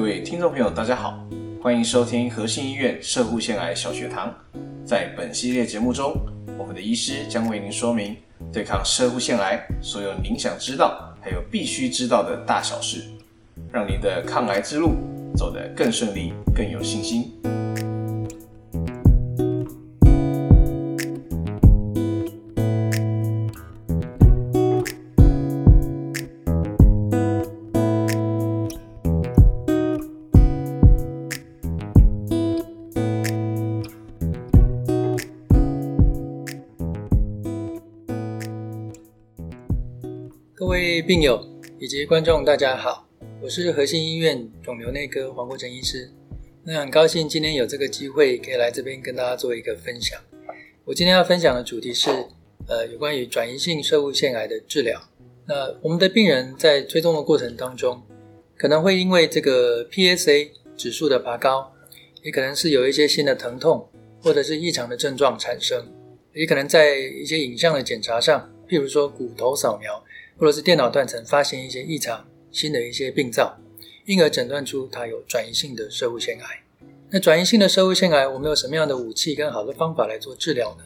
各位聽眾朋友，大家好，歡迎收聽和信醫院攝護腺癌小學堂。在本系列節目中，我們的醫師將為您說明對抗攝護腺癌所有您想知道，還有必須知道的大小事，讓您的抗癌之路走得更順利，更有信心。各位病友以及觀眾，大家好，我是和信醫院腫瘤內科黃國埕醫師。那很高興今天有這個機會可以來這邊跟大家做一個分享。我今天要分享的主題是，呃，有關於轉移性攝護腺癌的治療。那我們的病人在追蹤的過程當中，可能會因為這個 PSA 指數的拔高，也可能是有一些新的疼痛或者是異常的症狀產生，也可能在一些影像的檢查上，譬如說骨頭掃描。或者是電腦斷層發現一些異常，新的一些病灶，因而診斷出它有轉移性的攝護腺癌。那轉移性的攝護腺癌，我們有什麼樣的武器跟好的方法來做治療呢？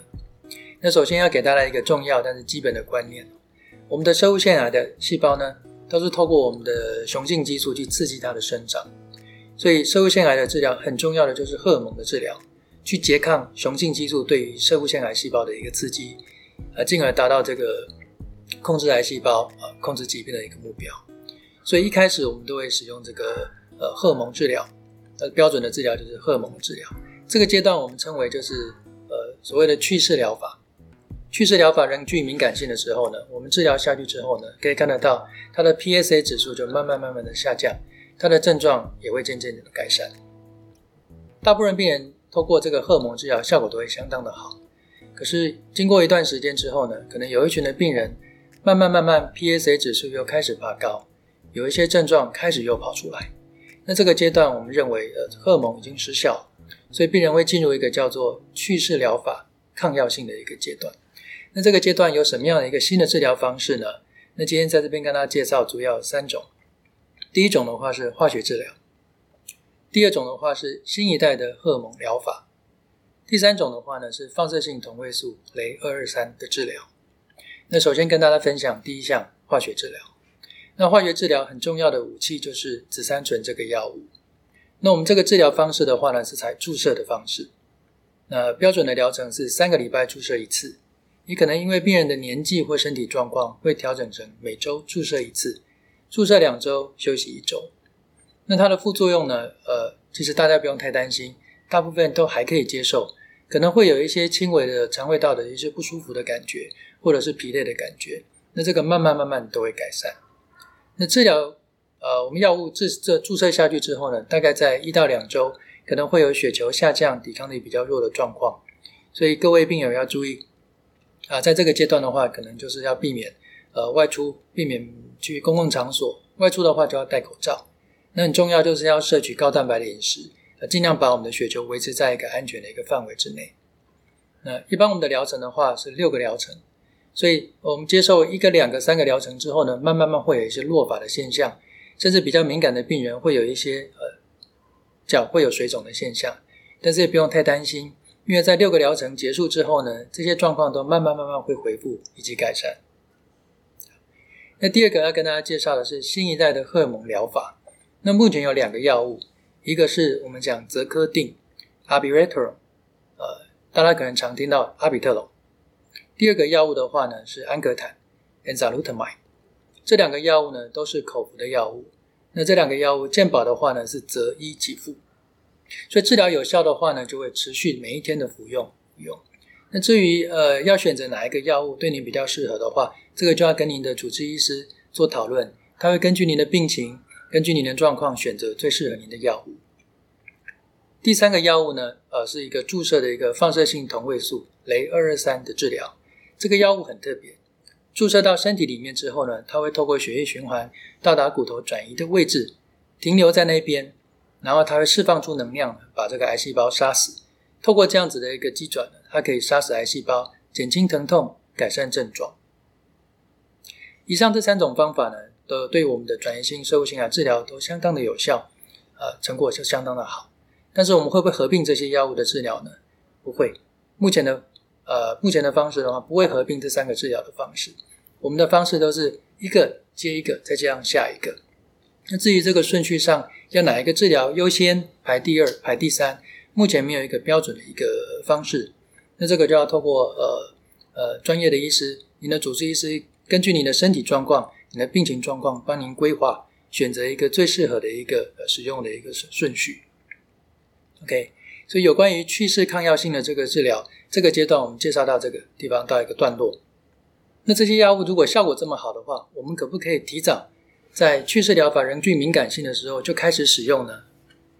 那首先要給大家一個重要但是基本的觀念：我們的攝護腺癌的細胞呢，都是透過我們的雄性激素去刺激它的生長，所以攝護腺癌的治療很重要的就是荷爾蒙的治療，去拮抗雄性激素對於攝護腺癌細胞的一個刺激，而進而達到這個。控制癌細胞啊、呃，控制疾病的一個目標。所以一開始我們都會使用這個呃荷爾蒙治療，呃標準的治療就是荷爾蒙治療。這個階段我們稱為就是呃所謂的去勢療法。去勢療法仍具敏感性的時候呢，我們治療下去之後呢，可以看得到它的 PSA 指數就慢慢慢慢的下降，它的症狀也會漸漸的改善。大部分病人透過這個荷爾蒙治療效果都會相當的好。可是經過一段時間之後呢，可能有一群的病人。慢慢慢慢，PSA 指數又開始拔高，有一些症狀開始又跑出來。那這個階段，我們認為，呃，荷爾蒙已經失效，所以病人會進入一個叫做去勢療法抗藥性的一個階段。那這個階段有什麼樣的一個新的治療方式呢？那今天在這邊跟大家介紹，主要有三種。第一種的話是化學治療，第二種的話是新一代的荷爾蒙療法，第三種的話呢是放射性同位素鐳二二三的治療。那首先跟大家分享第一項化學治療。那化學治療很重要的武器就是紫杉醇這個藥物。那我們這個治療方式的話呢，是採注射的方式。那標準的療程是三個禮拜注射一次，你可能因為病人的年紀或身體狀況，會調整成每周注射一次，注射兩周休息一周。那它的副作用呢，呃，其實大家不用太擔心，大部分都還可以接受。可能會有一些輕微的腸胃道的一些不舒服的感覺，或者是疲累的感覺，那這個慢慢慢慢都會改善。那治療呃，我們藥物這注射下去之後呢，大概在一到兩周可能會有血球下降、抵抗力比較弱的狀況，所以各位病友要注意啊，在這個階段的話，可能就是要避免呃外出，避免去公共場所。外出的話就要戴口罩。那很重要就是要攝取高蛋白的飲食。盡量把我們的血球維持在一個安全的一個範圍之內。那一般我們的療程的話是六個療程，所以我們接受一個、兩個、三個療程之後呢，慢慢慢慢會有一些落髮的現象，甚至比較敏感的病人會有一些呃腳會有水腫的現象，但是也不用太擔心，因為在六個療程結束之後呢，這些狀況都慢慢慢慢會恢復以及改善。那第二個要跟大家介紹的是新一代的荷爾蒙療法，那目前有兩個藥物。一個是我們講澤科定 Abiraterone 呃，大家可能常聽到阿比特龍。第二個藥物的話呢是安格坦 （Enzalutamide），這兩個藥物呢都是口服的藥物。那這兩個藥物健保的話呢是擇一給付，所以治療有效的話呢就會持續每一天的服用。用那至於呃要選擇哪一個藥物對您比較適合的話，這個就要跟您的主治醫師做討論，他會根據您的病情。根據您的狀況選擇最適合您的藥物。第三個藥物呢，呃，是一個注射的一個放射性同位素鐳二二三的治療。這個藥物很特別，注射到身體裡面之後呢，它會透過血液循環到達骨頭轉移的位置，停留在那邊，然後它會釋放出能量，把這個癌細胞殺死。透過這樣子的一個機轉，它可以殺死癌細胞，減輕疼痛，改善症狀。以上這三種方法呢，都對我們的轉移性、攝護腺癌治療都相當的有效，呃，成果就相當的好。但是我們會不會合併這些藥物的治療呢？不會。目前的呃，目前的方式的話，不會合併這三個治療的方式。我們的方式都是一個接一個，再接上下一個。那至於這個順序上，要哪一個治療優先排第二、排第三，目前沒有一個標準的一個方式。那這個就要透過呃呃專業的醫師、您的主治醫師，根據您的身體狀況。你的病情狀況，幫您規劃，選擇一個最適合的一個呃使用的一個順序。OK，所以有關於去勢抗藥性的這個治療，這個階段我們介紹到這個地方到一個段落。那這些藥物如果效果這麼好的話，我們可不可以提早在去勢療法仍具敏感性的時候就開始使用呢？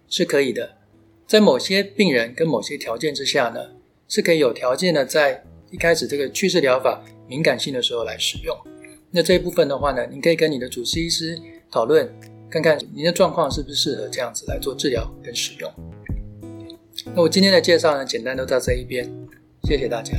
是可以的，在某些病人跟某些條件之下呢，是可以有條件的在一開始這個去勢療法敏感性的時候來使用。那這一部分的話呢，你可以跟你的主治醫師討論，看看您的狀況是不是適合這樣子來做治療跟使用。那我今天的介紹呢，簡單都到這一邊，謝謝大家。